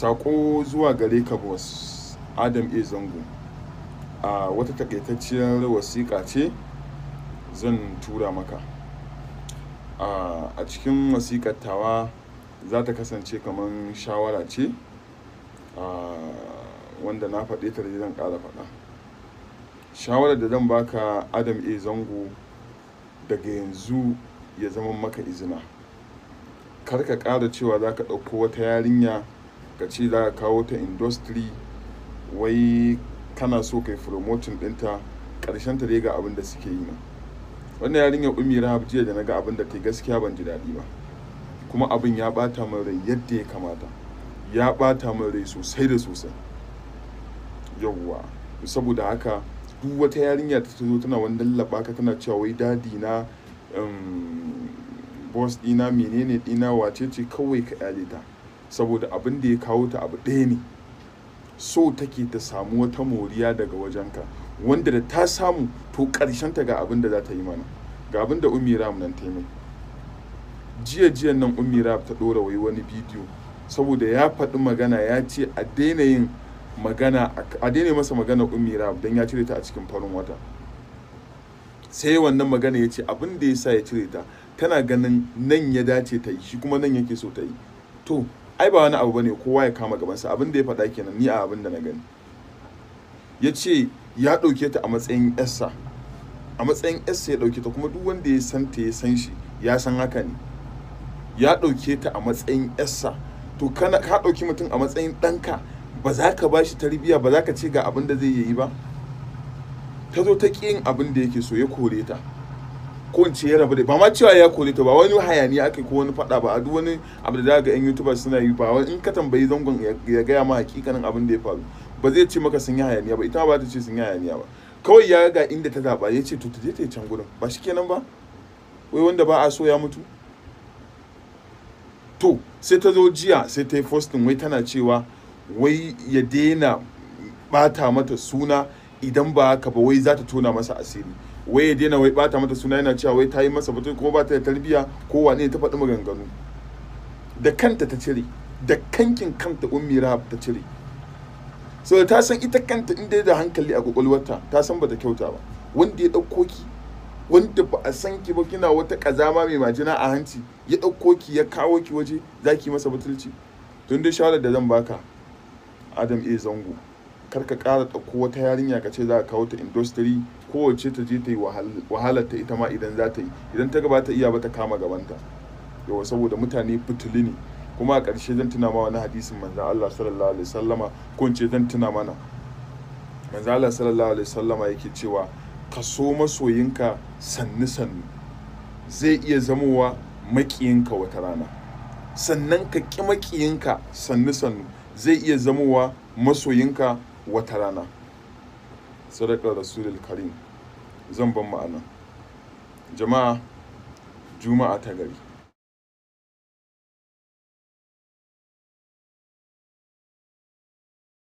Saƙo zuwa gare ka boss Adam A. Zango. A wata takaitacciyar wasiƙa ce zan tura maka. A cikin wasiƙar tawa za ta kasance kamar shawara ce wanda na faɗe ta da zan ƙara faɗa. Shawarar da zan baka Adam A. Zango daga yanzu ya zama maka izina. Kar ka ƙara cewa za ka ɗauko wata yarinya ka ce za ka kawo ta industry wai kana so kai promoting ɗinta ƙarshen ta dai ga abin da suke yi nan wannan yarinyar umi rahab jiya da na ga abin da ta gaskiya ban ji daɗi ba kuma abin ya ɓata min rai yadda ya kamata ya bata min rai sosai da sosai yawwa saboda haka duk wata yarinya ta zo tana wani lallaba ka tana cewa wai dadi na boss ɗina menene dina wace ce kawai ka yale ta saboda abin da ya kawo ta abu ɗaya ne so take ta samu wata moriya daga wajenka wanda da ta samu to ta ga abin da za ta yi mana ga abin da ummi ram nan ta mai jiya jiya nan umi ram ta ɗora wai wani bidiyo saboda ya faɗi magana ya ce a daina yin magana a daina masa magana umi ram don ya cire ta a cikin farin wata sai wannan magana ya ce abin da ya sa ya cire ta tana ganin nan ya dace ta yi shi kuma nan yake so ta yi to ai ba wani abu bane kowa ya kama gabansa abin da ya faɗa kenan ni a abin da na gani ya ce ya ɗauke ta a matsayin yarsa a matsayin yarsa ya ɗauke ta kuma duk wanda ya san ta ya san shi ya san haka ne ya ɗauke ta a matsayin yarsa to kana ka ɗauki mutum a matsayin ɗanka ba za ka ba shi tarbiyya ba za ka ce ga abin da zai yi ba ta zo ta ƙi yin abin da yake so ya kore ta ko ce ya rabu da ba ma cewa ya kore ta ba wani hayaniya ake ko wani fada ba a duk wani abu da ga yan youtuber suna yi ba wani in ka tambayi zangon ya gaya ma hakikanin abin da ya faru ba zai ce maka sun yi hayaniya ba ita ba ta ce sun yi hayaniya ba kawai ya ga inda ta zaɓa ya ce to ta je ta yi can gurin ba shi kenan ba wai wanda ba a so ya mutu to sai ta zo jiya sai ta yi fostin wai tana cewa wai ya daina bata mata suna idan ba haka ba wai za ta tona masa asiri wai ya daina wai bata mata suna yana cewa wai ta yi masa mutum kuma ba ta da tarbiyya ko wane ta faɗi maganganu da kanta ta cire da kankin kanta ummi rahab ta cire so ta san ita kanta inda da hankali a kwakwalwarta ta san ba ta kyauta ba wanda ya ɗauko ki wanda ba a san ki ba kina wata kazama mai majina a hanci ya ɗauko ki ya kawo ki waje za ki masa batulci tun dai shawarar da zan baka adam e zango kar ka ƙara ɗauko wata yarinya ka ce za ka kawo ta industry kowace ta je ta yi wahalar ta ita ma idan za ta yi idan ta gaba ta iya ba ta kama gabanta yawa saboda mutane fitili ne kuma a ƙarshe zan tuna ma wani hadisin manzan Allah sallallahu alaihi sallama ko in ce zan tuna mana manzan Allah sallallahu alaihi sallama yake cewa ka so masoyinka sannu sannu zai iya zamowa maƙiyinka wata rana sannan ka ƙi maƙiyinka sannu sannu zai iya zamowa masoyinka wata rana sadakar rasulul karim zan ban ma'ana jama'a juma'a ta gari